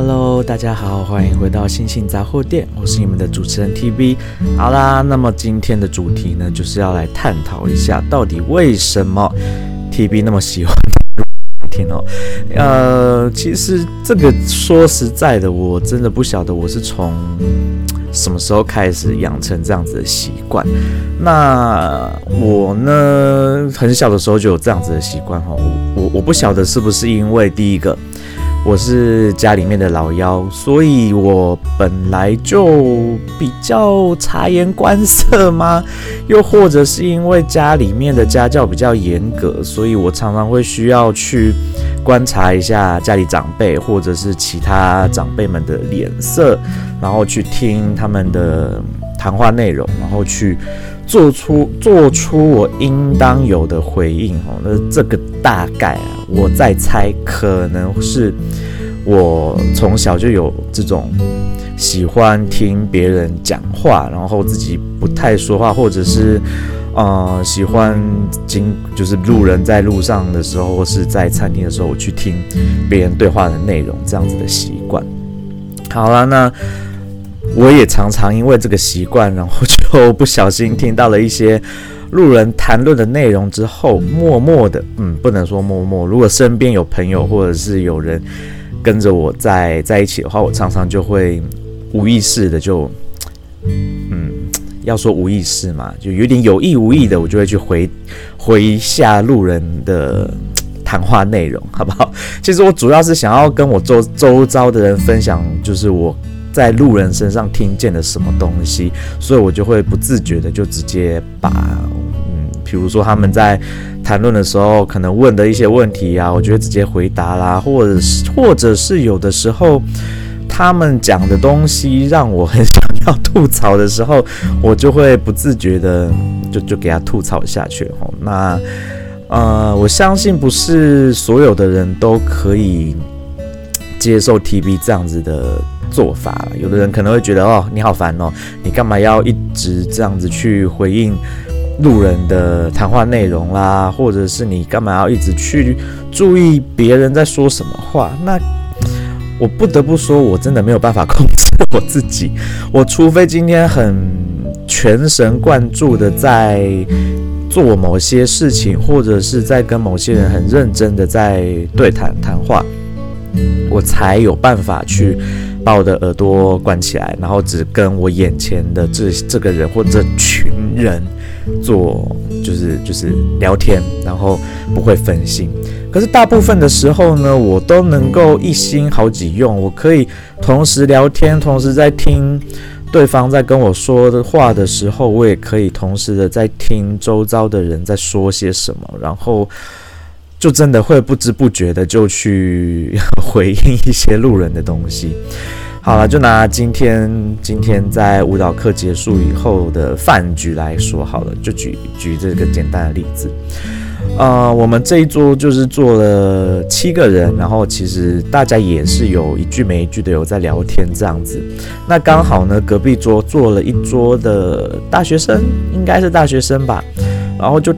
Hello，大家好，歡迎回到星星雜貨店，我是你們的主持人 TB。好啦，那麼今天的主題呢，就是要來探討一下，到底為什麼 TB 那麼喜歡偷聽哦？呃，其實這個說實在的，我真的不曉得我是從什麼時候開始養成這樣子的習慣。那我呢，很小的時候就有這樣子的習慣哈。我我，我不曉得是不是因為第一個。我是家裡面的老幺，所以我本來就比較察言觀色嘛。又或者是因為家裡面的家教比較嚴格，所以我常常會需要去觀察一下家裡長輩或者是其他長輩們的臉色，然後去聽他們的談話內容，然後去做出做出我應當有的回應。哦。那這個大概啊。我在猜，可能是我從小就有這種喜歡聽別人講話，然後自己不太說話，或者是呃喜歡經就是路人在路上的時候，或是在餐廳的時候，我去聽別人對話的內容，這樣子的習慣。好了，那我也常常因為這個習慣，然後就不小心聽到了一些。路人談論的內容之後，默默的，嗯，不能說默默。如果身邊有朋友，或者是有人跟着我在在一起的話，我常常就會無意識的就，嗯，要說無意識嘛，就有點有意無意的，我就會去回回一下路人的談話內容，好不好？其實我主要是想要跟我周周遭的人分享，就是我。在路人身上聽見了什麼東西，所以我就會不自覺的就直接把，嗯，比如說他們在談論的時候，可能問的一些問題啊，我就會直接回答啦，或者是或者是有的時候他們講的東西讓我很想要吐槽的時候，我就會不自覺的就就給他吐槽下去哈、哦。那呃，我相信不是所有的人都可以。接受 TB 這樣子的做法，有的人可能會覺得哦，你好煩哦，你幹嘛要一直這樣子去回應路人的談話內容啦？或者是你幹嘛要一直去注意別人在說什麼話？那我不得不說，我真的沒有辦法控制我自己。我除非今天很全神貫注的在做某些事情，或者是在跟某些人很認真的在對談談話。我才有辦法去把我的耳朵關起來，然後只跟我眼前的這這個人或者這群人做，就是就是聊天，然後不會分心。可是大部分的時候呢，我都能夠一心好幾用，我可以同時聊天，同時在聽對方在跟我說的話的時候，我也可以同時的在聽周遭的人在說些什麼，然後。就真的會不知不覺的就去回應一些路人的東西。好了，就拿今天今天在舞蹈課結束以後的飯局來說好了，就舉舉這個簡單的例子。呃，我們這一桌就是坐了七個人，然後其實大家也是有一句沒一句的有在聊天這樣子。那剛好呢，隔壁桌坐了一桌的大學生，應該是大學生吧，然後就。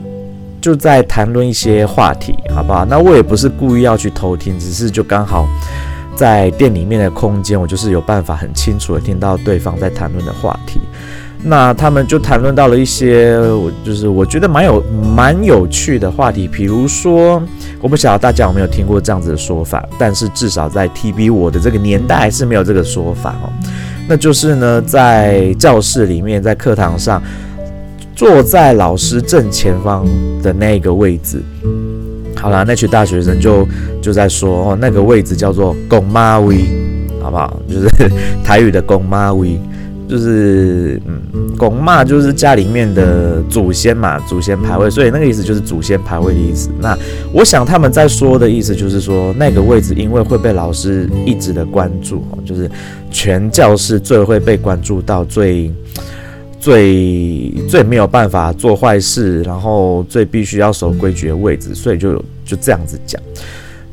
就在談論一些話題，好不好？那我也不是故意要去偷聽，只是就剛好在店裡面的空間，我就是有辦法很清楚地聽到對方在談論的話題。那他們就談論到了一些我就是我覺得蠻有蠻有趣的話題，比如說我不曉得大家有沒有聽過這樣子的說法，但是至少在 TB 我的這個年代是沒有這個說法哦。那就是呢，在教室裡面，在課堂上。坐在老師正前方的那個位置，好啦，那群大學生就就在說哦、喔，那個位置叫做“公媽位”，好不好？就是台語的“公媽位”，就是嗯，公媽，就是家裡面的祖先嘛，祖先牌位，所以那個意思就是祖先牌位的意思。那我想他們在說的意思就是說，那個位置因為會被老師一直的關注，喔、就是全教室最會被關注到最。最最沒有辦法做壞事，然後最必須要守規矩的位置，所以就就這樣子講。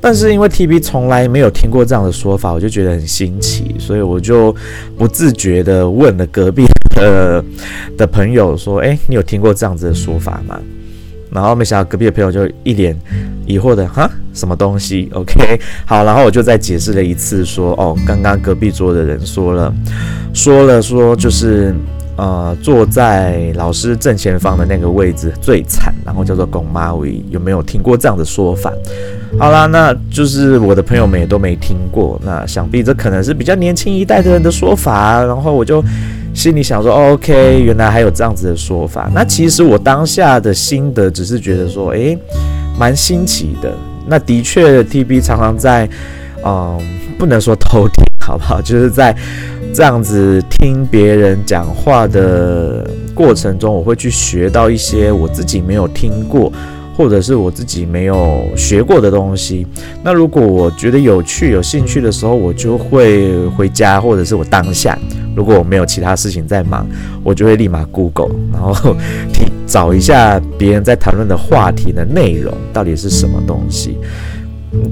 但是因為 TB 從來沒有聽過這樣的說法，我就覺得很新奇，所以我就不自覺的問了隔壁的的朋友說：“哎、欸，你有聽過這樣子的說法嗎？”然後沒想到隔壁的朋友就一臉疑惑的哈，什麼東西？OK，好，然後我就再解釋了一次，說：“哦，剛剛隔壁桌的人說了，說了說就是。”呃，坐在老師正前方的那個位置最慘，然後叫做拱馬尾。有沒有聽過這樣的說法？好啦，那就是我的朋友們也都沒聽過，那想必這可能是比較年輕一代的人的說法。然後我就心裡想說，OK，原來還有這樣子的說法。那其實我當下的心得只是覺得說，誒，蠻新奇的。那的確，TB 常常在，嗯、呃，不能說偷聽好不好，就是在這樣子。聽別人講話的過程中，我會去學到一些我自己沒有聽過，或者是我自己沒有學過的東西。那如果我覺得有趣、有興趣的時候，我就會回家，或者是我當下，如果我沒有其他事情在忙，我就會立馬 Google，然後聽找一下別人在談論的話題的內容，到底是什麼東西。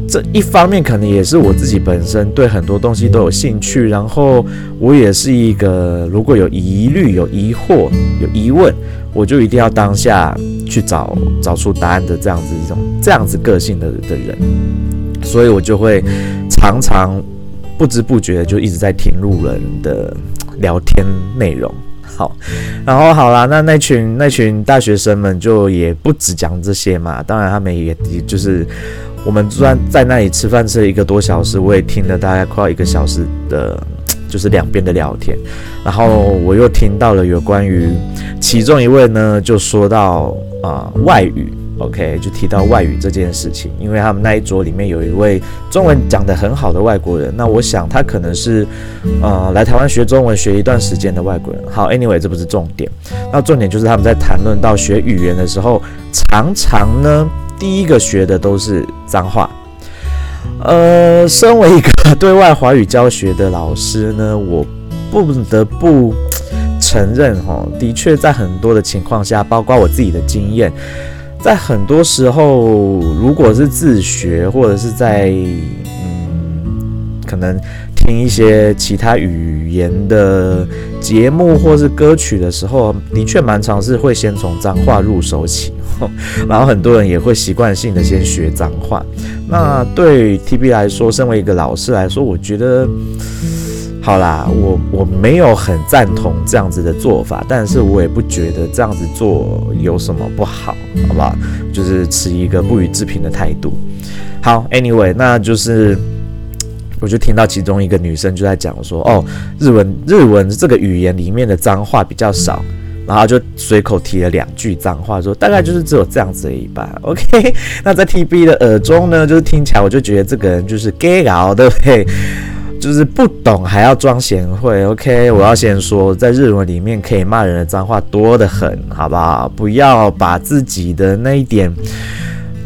這一方面可能也是我自己本身對很多東西都有興趣，然後我也是一個如果有疑慮、有疑惑、有疑問，我就一定要當下去找找出答案的這樣子一種這樣子個性的的人，所以我就會常常不知不覺就一直在聽路人的聊天內容。好，然後好啦，那那群那群大學生們就也不只講這些嘛，當然他們也也就是。我們雖然在那裡吃飯吃了一個多小時，我也聽了大概快要一個小時的，就是兩邊的聊天。然後我又聽到了有關於其中一位呢，就說到啊、呃、外語，OK，就提到外語這件事情，因為他們那一桌裡面有一位中文講得很好的外國人。那我想他可能是呃來台灣學中文學一段時間的外國人。好，Anyway，這不是重點。那重點就是他們在談論到學語言的時候，常常呢。第一個學的都是髒話，呃，身為一個對外華語教學的老師呢，我不得不承認哦，的確在很多的情況下，包括我自己的經驗，在很多時候，如果是自學或者是在嗯，可能聽一些其他語言的節目或是歌曲的時候，的確蠻常是會先從髒話入手起。然後很多人也會習慣性的先學髒話。那對 TB 來說，身為一個老師來說，我覺得，好啦，我我沒有很贊同這樣子的做法，但是我也不覺得這樣子做有什麼不好，好不好？就是持一個不予置評的態度。好，Anyway，那就是，我就聽到其中一個女生就在講說，哦，日文日文這個語言裡面的髒話比較少。然後就隨口提了兩句髒話說，說大概就是只有這樣子而已吧。o、okay? k 那在 TB 的耳中呢，就是聽起來我就覺得這個人就是 gay 佬，對不對？就是不懂還要裝賢惠，OK。我要先說，在日文裡面可以罵人的髒話多得很，好不好？不要把自己的那一點。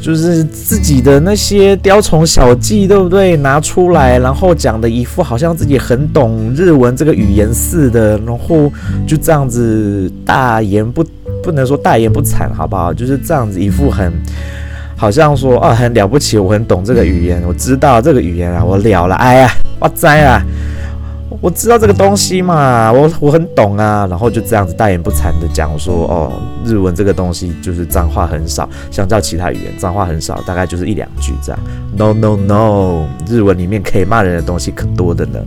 就是自己的那些雕蟲小技，對不對？拿出來，然後講的一副好像自己很懂日文這個語言似的，然後就這樣子大言不不能說大言不慚，好不好？就是這樣子一副很好像說啊，很了不起，我很懂這個語言，我知道這個語言了啊，我了了，哎呀，哇塞啊！我知道這個東西嘛，我我很懂啊，然後就這樣子大言不慚的講說，哦，日文這個東西就是髒話很少，相較其他語言臟話很少，大概就是一兩句這樣。No no no，日文裡面可以罵人的東西可多的呢。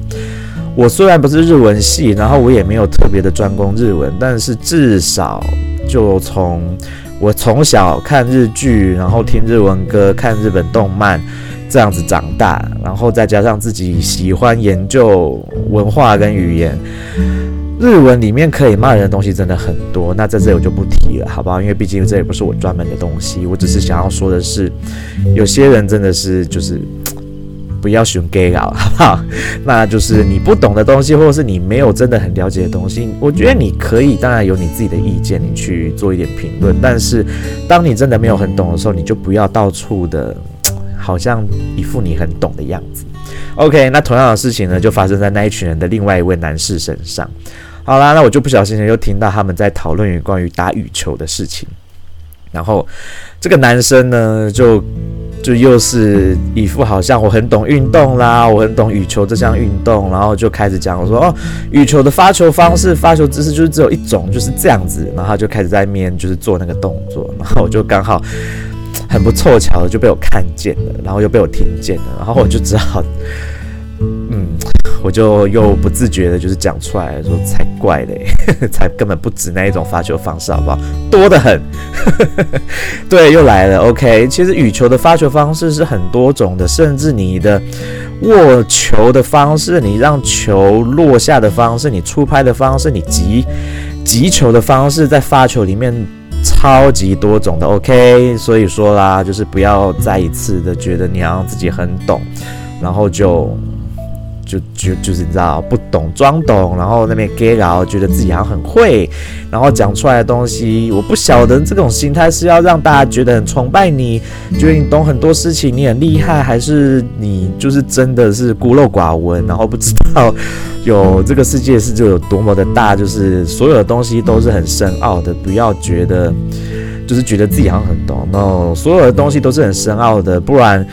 我雖然不是日文系，然後我也沒有特別的專攻日文，但是至少就從我從小看日劇，然後聽日文歌，看日本動漫。這樣子長大，然後再加上自己喜歡研究文化跟語言，日文裡面可以罵人的東西真的很多。那在這裡我就不提了，好不好？因為畢竟這也不是我專門的東西。我只是想要說的是，有些人真的是就是不要選 gay out，好不好？那就是你不懂的東西，或者是你沒有真的很了解的東西，我覺得你可以，當然有你自己的意見，你去做一點評論。但是當你真的沒有很懂的時候，你就不要到處的。好像一副你很懂的樣子。OK，那同樣的事情呢，就發生在那一群人的另外一位男士身上。好啦，那我就不小心又聽到他們在討論有關於打羽球的事情。然後這個男生呢，就就又是一副好像我很懂運動啦，我很懂羽球這項運動，然後就開始講我說哦，羽球的發球方式、發球姿勢就是只有一種，就是這樣子。然後他就開始在面就是做那個動作，然後我就剛好。很不湊巧的就被我看見了，然後又被我聽見了，然後我就只好，嗯，我就又不自覺的就是講出來，說才怪嘞，欸，才根本不止那一種發球方式，好不好？多得很呵呵。對，又來了。OK，其實羽球的發球方式是很多種的，甚至你的握球的方式，你讓球落下的方式，你出拍的方式，你擊擊球的方式，在發球裡面。超級多種的 OK，所以說啦，就是不要再一次的覺得你好像自己很懂，然後就。就就就是你知道，不懂裝懂，然後那邊給然後覺得自己好像很會，然後講出來的東西，我不曉得這種心態是要讓大家覺得很崇拜你，覺得你懂很多事情，你很厲害，還是你就是真的是孤陋寡聞，然後不知道有這個世界是就有多麼的大，就是所有的東西都是很深奧的。不要覺得就是覺得自己好像很懂，no，所有的東西都是很深奧的，不然。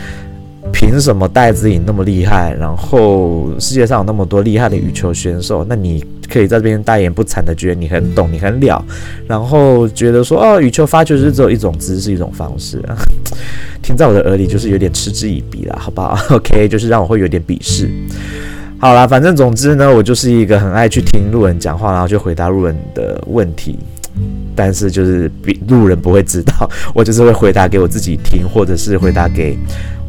憑什麼戴資穎那麼厲害？然後世界上有那麼多厲害的羽球選手，那你可以在這邊大言不慚的覺得你很懂，你很了，然後覺得說哦，羽球發球是只有一種姿勢，一種方式，啊 ’，聽在我的耳裡就是有點嗤之以鼻了，好不好？OK，就是讓我會有點鄙視。好啦，反正總之呢，我就是一個很愛去聽路人講話，然後就回答路人的問題。但是就是比路人不會知道，我就是會回答給我自己聽，或者是回答給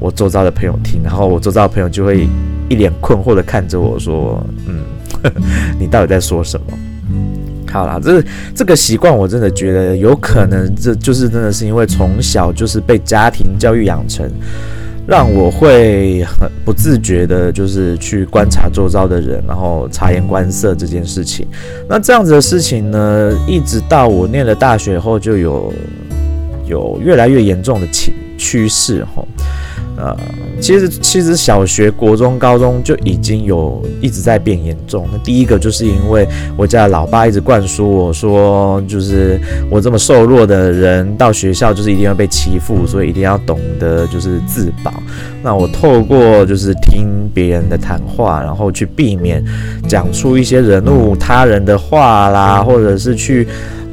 我周遭的朋友聽，然後我周遭的朋友就會一臉困惑的看着我說：“嗯呵呵，你到底在說什麼？”好啦，這這個習慣我真的覺得有可能，這就是真的是因為從小就是被家庭教育養成。讓我會很不自覺的，就是去觀察周遭的人，然後察言觀色這件事情。那這樣子的事情呢，一直到我念了大學後，就有有越來越嚴重的趨趨勢，哦，呃，其實其實小學、國中、高中就已經有一直在變嚴重。那第一個就是因為我家老爸一直灌輸我說，就是我這麼瘦弱的人到學校就是一定要被欺負，所以一定要懂得就是自保。那我透過就是聽別人的談話，然後去避免講出一些侮辱他人的話啦，或者是去。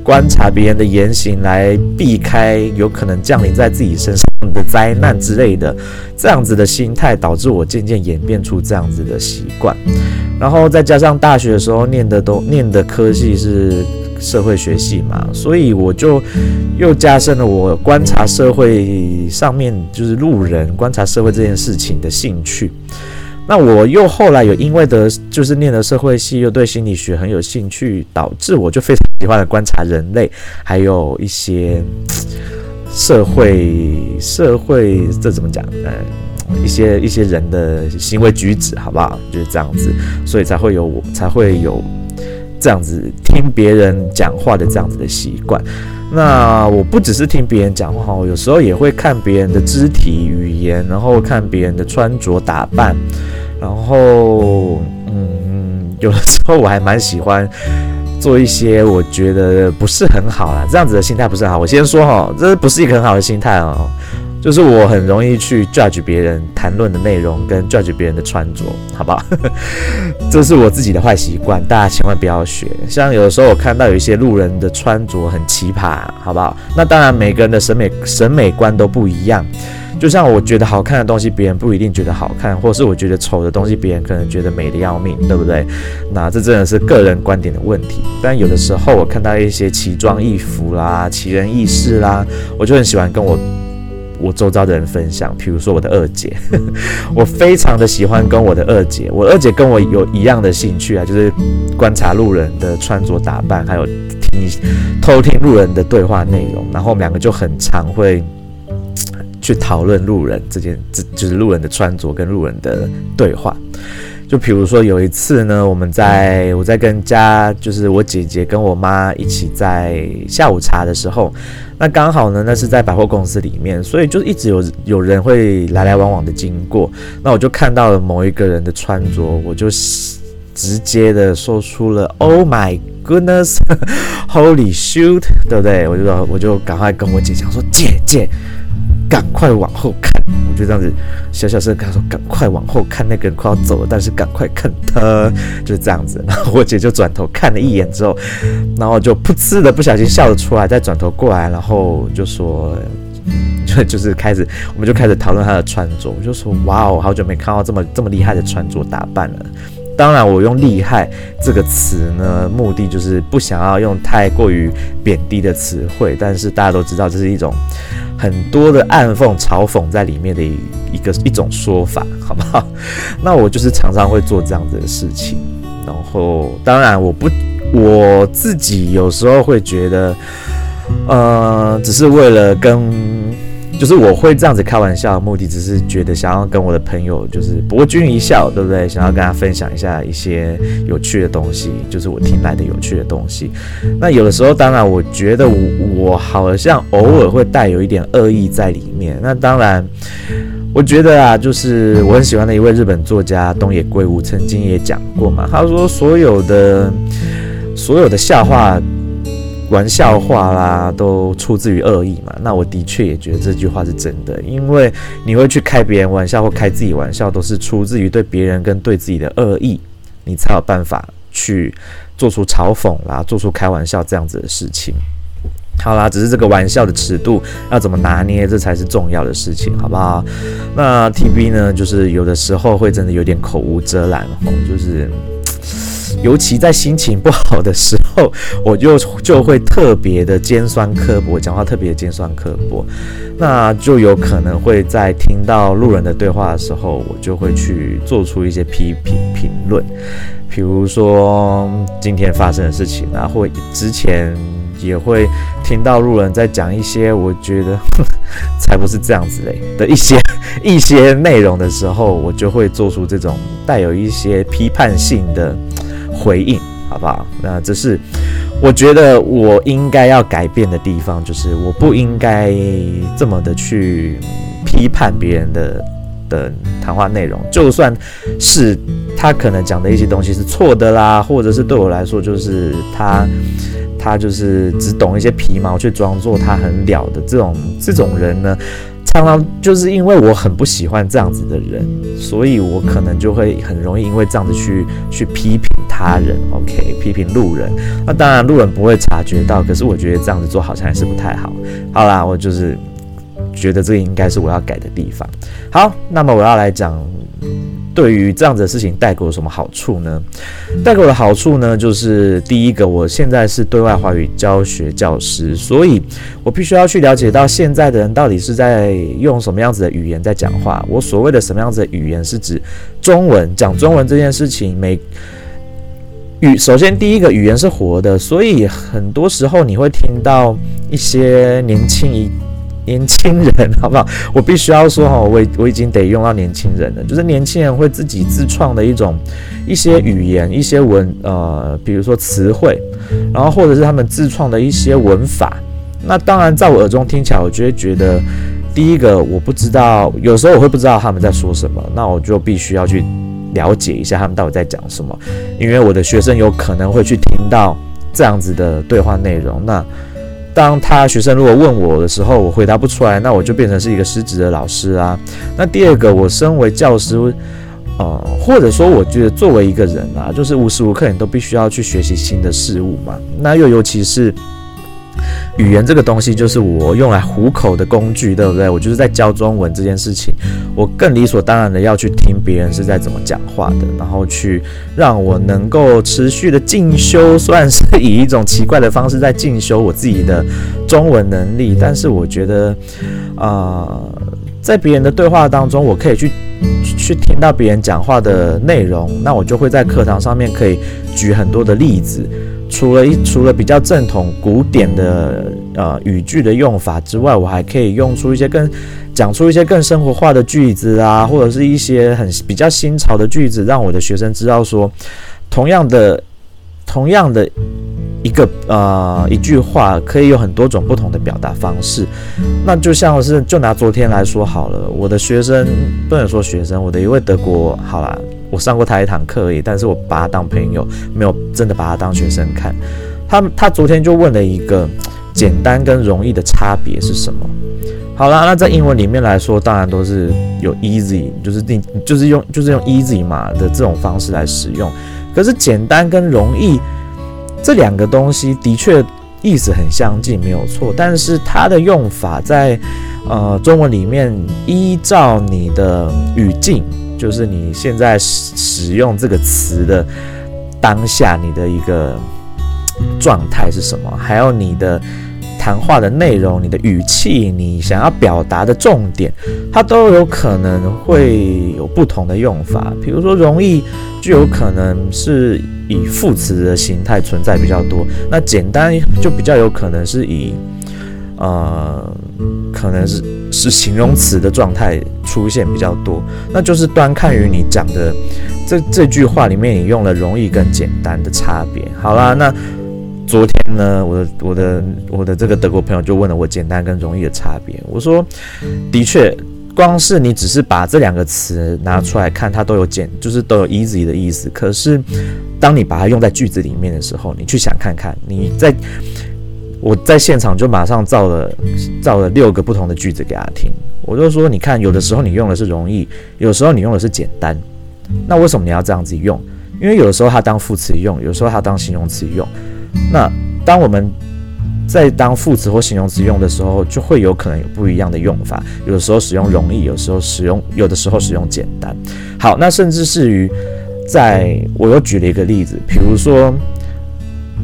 觀察別人的言行，來避開有可能降臨在自己身上的災難之類的，這樣子的心態導致我漸漸演變出這樣子的習慣。然後再加上大學的時候念的都念的科系是社會學系嘛，所以我就又加深了我觀察社會上面，就是路人觀察社會這件事情的興趣。那我又後來有因為的就是念了社會系，又對心理學很有興趣，導致我就非常喜歡的觀察人類，還有一些社會社會這怎麼講？呃，一些一些人的行為舉止，好不好？就是這樣子，所以才會有我才會有這樣子聽別人講話的這樣子的習慣。那我不只是聽別人講話，我有時候也會看別人的肢體語言，然後看別人的穿着打扮。然後，嗯，有的時候我還蠻喜歡做一些，我覺得不是很好啦，這樣子的心態不是很好。我先說哈、哦，這不是一個很好的心態哦，就是我很容易去 judge 別人談論的內容，跟 judge 別人的穿着，好不好？ 這是我自己的壞習慣，大家千萬不要學。像有的時候我看到有一些路人的穿着很奇葩，好不好？那當然，每個人的審美審美觀都不一樣。就像我覺得好看的東西，別人不一定覺得好看，或是我覺得醜的東西，別人可能覺得美的要命，對不對？那這真的是個人觀點的問題。但有的時候，我看到一些奇裝異服啦、奇人異事啦，我就很喜歡跟我我周遭的人分享。比如說我的二姐，呵呵，我非常的喜歡跟我的二姐。我二姐跟我有一樣的興趣啊，就是觀察路人的穿着打扮，還有聽偷聽路人的對話內容，然後我們兩個就很常會。去討論路人這件，就是路人的穿着跟路人的對話。就比如說有一次呢，我們在，我在跟家，就是我姐姐跟我媽一起在下午茶的時候，那剛好呢，那是在百貨公司裡面，所以就一直有有人會來來往往的經過。那我就看到了某一個人的穿着，我就直接的說出了 “Oh my goodness, holy shoot”，對不對？我就我就趕快跟我姐講說，姐姐。趕快往後看！我就這樣子，小小聲跟他說：“趕快往後看，那個人快要走了。”但是趕快看他，就是這樣子。然後我姐就轉頭看了一眼之後，然後就噗哧的不小心笑了出來，再轉頭過來，然後就說：“就就是開始，我們就開始討論她的穿着。”我就說：“哇哦，好久沒看到這麼這麼厲害的穿着打扮了。”當然，我用“厲害”這個詞呢，目的就是不想要用太過於貶低的詞彙，但是大家都知道這是一種。很多的暗諷、嘲諷在裡面的一一個一種說法，好不好？那我就是常常會做這樣子的事情，然後當然我不我自己有時候會覺得，呃，只是為了跟。就是我會這樣子開玩笑的，目的只是覺得想要跟我的朋友就是博君一笑，對不對？想要跟他分享一下一些有趣的東西，就是我聽來的有趣的東西。那有的時候，當然我覺得我，我好像偶爾會帶有一點惡意在裡面。那當然，我覺得啊，就是我很喜歡的一位日本作家東野圭吾曾經也講過嘛，他說所有的所有的笑話。玩笑話啦，都出自於惡意嘛。那我的確也覺得這句話是真的，因為你會去開別人玩笑或開自己玩笑，都是出自於對別人跟對自己的惡意，你才有辦法去做出嘲諷啦，做出開玩笑這樣子的事情。好啦，只是這個玩笑的尺度要怎麼拿捏，這才是重要的事情，好不好？那 TB 呢，就是有的時候會真的有點口無遮攔哦，就是。尤其在心情不好的時候，我就就會特別的尖酸刻薄，講話特別尖酸刻薄，那就有可能會在聽到路人的對話的時候，我就會去做出一些批評評論，比如說今天發生的事情啊，或之前也會聽到路人在講一些我覺得 才不是這樣子嘞的一些一些內容的時候，我就會做出這種帶有一些批判性的。回應好不好？那這是我覺得我應該要改變的地方，就是我不應該這麼的去批判別人的的談話內容，就算是他可能講的一些東西是錯的啦，或者是對我來說就是他他就是只懂一些皮毛，去裝作他很屌的這種這種人呢？常常就是因為我很不喜歡這樣子的人，所以我可能就會很容易因為這樣子去去批評他人，OK？批評路人，那當然路人不會察覺到，可是我覺得這樣子做好像也是不太好。好啦，我就是覺得這個應該是我要改的地方。好，那麼我要來講。對於這樣子的事情，帶給我什麼好處呢？帶給我的好處呢，就是第一個，我現在是對外華語教學教師，所以我必須要去了解到現在的人到底是在用什麼樣子的語言在講話。我所謂的什麼樣子的語言，是指中文。講中文這件事情，每語首先第一個語言是活的，所以很多時候你會聽到一些年輕一。年輕人，好不好？我必須要說哈，我我已經得用到年輕人了，就是年輕人會自己自創的一種一些語言，一些文呃，比如說詞彙，然後或者是他們自創的一些文法。那當然，在我耳中聽起來，我就會覺得，第一個我不知道，有時候我會不知道他們在說什麼，那我就必須要去了解一下他們到底在講什麼，因為我的學生有可能會去聽到這樣子的對話內容，那。當他學生如果問我的時候，我回答不出來，那我就變成是一個失職的老師啊。那第二個，我身為教師，呃，或者說我覺得作為一個人啊，就是無時無刻你都必須要去學習新的事物嘛。那又尤其是。語言這個東西就是我用來糊口的工具，對不對？我就是在教中文這件事情，我更理所當然的要去聽別人是在怎麼講話的，然後去讓我能夠持續的進修，雖然是以一種奇怪的方式在進修我自己的中文能力，但是我覺得，呃，在別人的對話當中，我可以去去，去聽到別人講話的內容，那我就會在課堂上面可以舉很多的例子。除了一除了比較正統古典的呃語句的用法之外，我還可以用出一些更講出一些更生活化的句子啊，或者是一些很比較新潮的句子，讓我的學生知道說，同樣的同樣的一個呃一句話可以有很多種不同的表達方式。那就像是就拿昨天來說好了，我的學生不能說學生，我的一位德國，好啦。我上過他一堂課而已，但是我把他當朋友，沒有真的把他當學生看。他他昨天就問了一個簡單跟容易的差別是什麼？好了，那在英文裡面來說，當然都是有 easy，就是你就是用就是用 easy 嘛的這種方式來使用。可是簡單跟容易這兩個東西的確意思很相近，沒有錯。但是它的用法在呃中文裡面，依照你的語境。就是你現在使用這個詞的當下，你的一個狀態是什麼？還有你的談話的內容、你的語氣、你想要表達的重點，它都有可能會有不同的用法。比如說，容易就有可能是以副詞的形態存在比較多，那簡單就比較有可能是以。呃，可能是是形容詞的狀態出現比較多，那就是端看於你講的這這句話裡面你用了容易跟簡單的差別。好啦，那昨天呢，我的我的我的這個德國朋友就問了我簡單跟容易的差別。我說，的確，光是你只是把這兩個詞拿出來看，它都有簡，就是都有 easy 的意思。可是，當你把它用在句子裡面的時候，你去想看看你在。我在現場就馬上造了造了六個不同的句子給他聽，我就說：你看，有的時候你用的是容易，有的時候你用的是簡單。那為什麼你要這樣子用？因為有的時候它當副詞用，有的時候它當形容詞用。那當我們在當副詞或形容詞用的時候，就會有可能有不一樣的用法。有的時候使用容易，有的時候使用，有的時候使用簡單。好，那甚至至於，在我又舉了一個例子，比如說。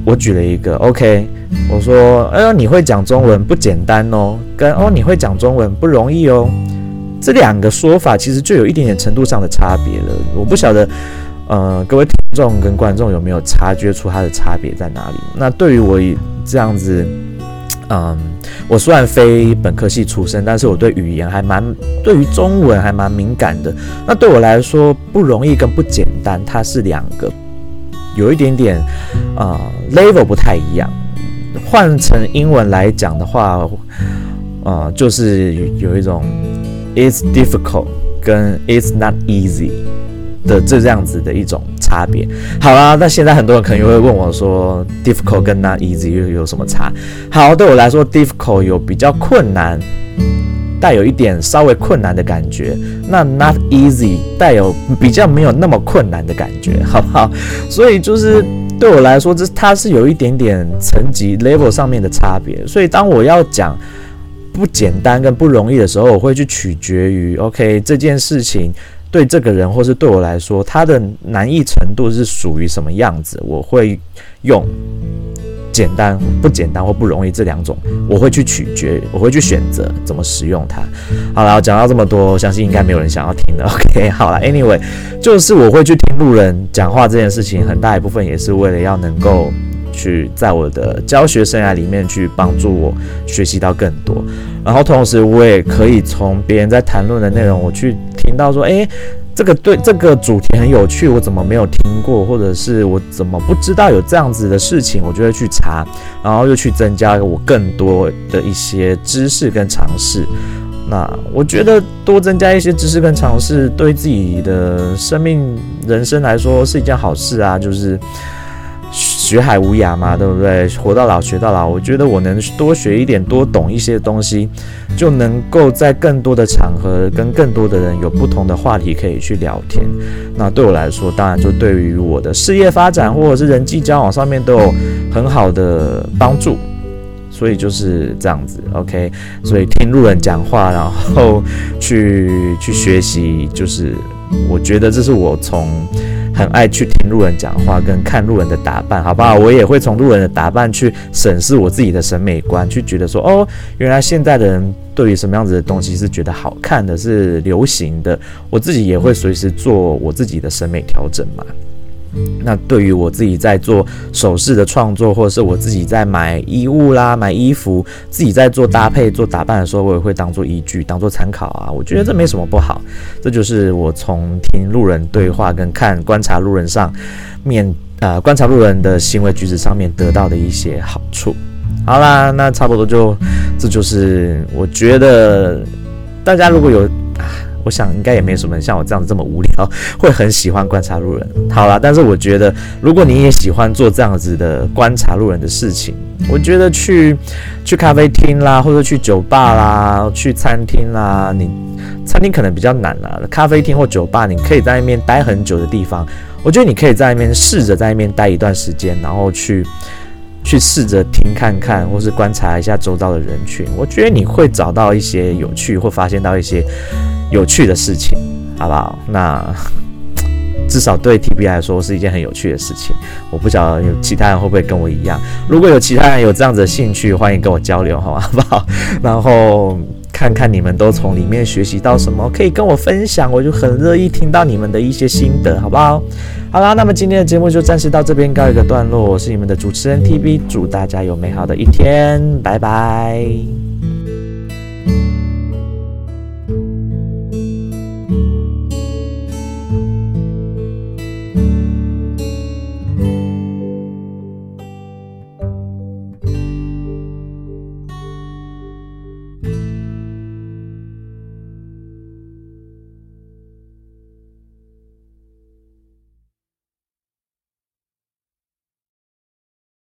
我舉了一個，OK，我說，哎呦，你會講中文不簡單哦，跟哦，你會講中文不容易哦，這兩個說法其實就有一點點程度上的差別了。我不曉得，呃，各位聽眾跟觀眾有沒有察覺出它的差別在哪裡？那對於我這樣子，嗯、呃，我雖然非本科系出身，但是我對語言還蠻，對於中文還蠻敏感的。那對我來說，不容易跟不簡單，它是兩個。有一點點，啊、呃、level 不太一樣。換成英文來講的話，呃，就是有一種 “it's difficult” 跟 “it's not easy” 的這樣子的一種差別。好啦、啊，那現在很多人可能又會問我說，“difficult” 跟 “not easy” 又有什麼差？好、啊，對我來說，“difficult” 有比較困難。帶有一點稍微困難的感覺，那 not easy 帶有比較沒有那麼困難的感覺，好不好？所以就是對我來說，這它是，是有一點點層級 level 上面的差別。所以當我要講不簡單跟不容易的時候，我會去取決於 OK 這件事情對這個人或是對我來說，它的難易程度是屬於什麼樣子，我會用。簡單不簡單或不容易這兩種，我會去取決，我會去選擇怎麼使用它。好啦，我講到這麼多，我相信應該沒有人想要聽了。OK，好啦，Anyway，就是我會去聽路人講話這件事情，很大一部分也是為了要能夠。去在我的教學生涯裡面去幫助我學習到更多，然後同時我也可以從別人在談論的內容，我去聽到說，誒、欸，這個對這個主題很有趣，我怎麼沒有聽過，或者是我怎麼不知道有這樣子的事情，我就會去查，然後又去增加我更多的一些知識跟嘗試。那我覺得多增加一些知識跟嘗試，對自己的生命人生來說是一件好事啊，就是。學海無涯嘛，對不對？活到老，學到老。我覺得我能多學一點，多懂一些東西，就能夠在更多的場合跟更多的人有不同的話題可以去聊天。那對我來說，當然就對於我的事業發展或者是人際交往上面都有很好的幫助。所以就是這樣子，OK。所以聽路人講話，然後去去學習，就是我覺得這是我從。很愛去聽路人講話，跟看路人的打扮，好不好？我也會從路人的打扮去審視我自己的審美觀，去覺得說，哦，原來現在的人對於什麼樣子的東西是覺得好看的、是流行的，我自己也會隨時做我自己的審美調整嘛。那對於我自己在做首飾的創作，或者是我自己在買衣物啦、買衣服，自己在做搭配、做打扮的時候，我也會當做依據、當做參考啊。我覺得這沒什麼不好，這就是我從聽路人對話跟看觀察路人上面，啊、呃，觀察路人的行為舉止上面得到的一些好處。好啦，那差不多就，這就是我覺得大家如果有。我想應該也沒什麼像我這樣子這麼無聊，會很喜歡觀察路人。好啦，但是我覺得，如果你也喜歡做這樣子的觀察路人的事情，我覺得去去咖啡廳啦，或者去酒吧啦，去餐廳啦，你餐廳可能比較難啦，咖啡廳或酒吧，你可以在那邊待很久的地方。我覺得你可以在那邊試着在那邊待一段時間，然後去去試着聽看看，或是觀察一下周遭的人群。我覺得你會找到一些有趣，或發現到一些。有趣的事情，好不好？那至少對 TB 來說是一件很有趣的事情。我不曉得有其他人會不會跟我一樣。如果有其他人有這樣子的興趣，歡迎跟我交流，好不好？然後看看你們都從裡面學習到什麼，可以跟我分享，我就很樂意聽到你們的一些心得，好不好？好啦，那麼今天的節目就暫時到這邊告一個段落。我是你們的主持人 TB，祝大家有美好的一天，拜拜。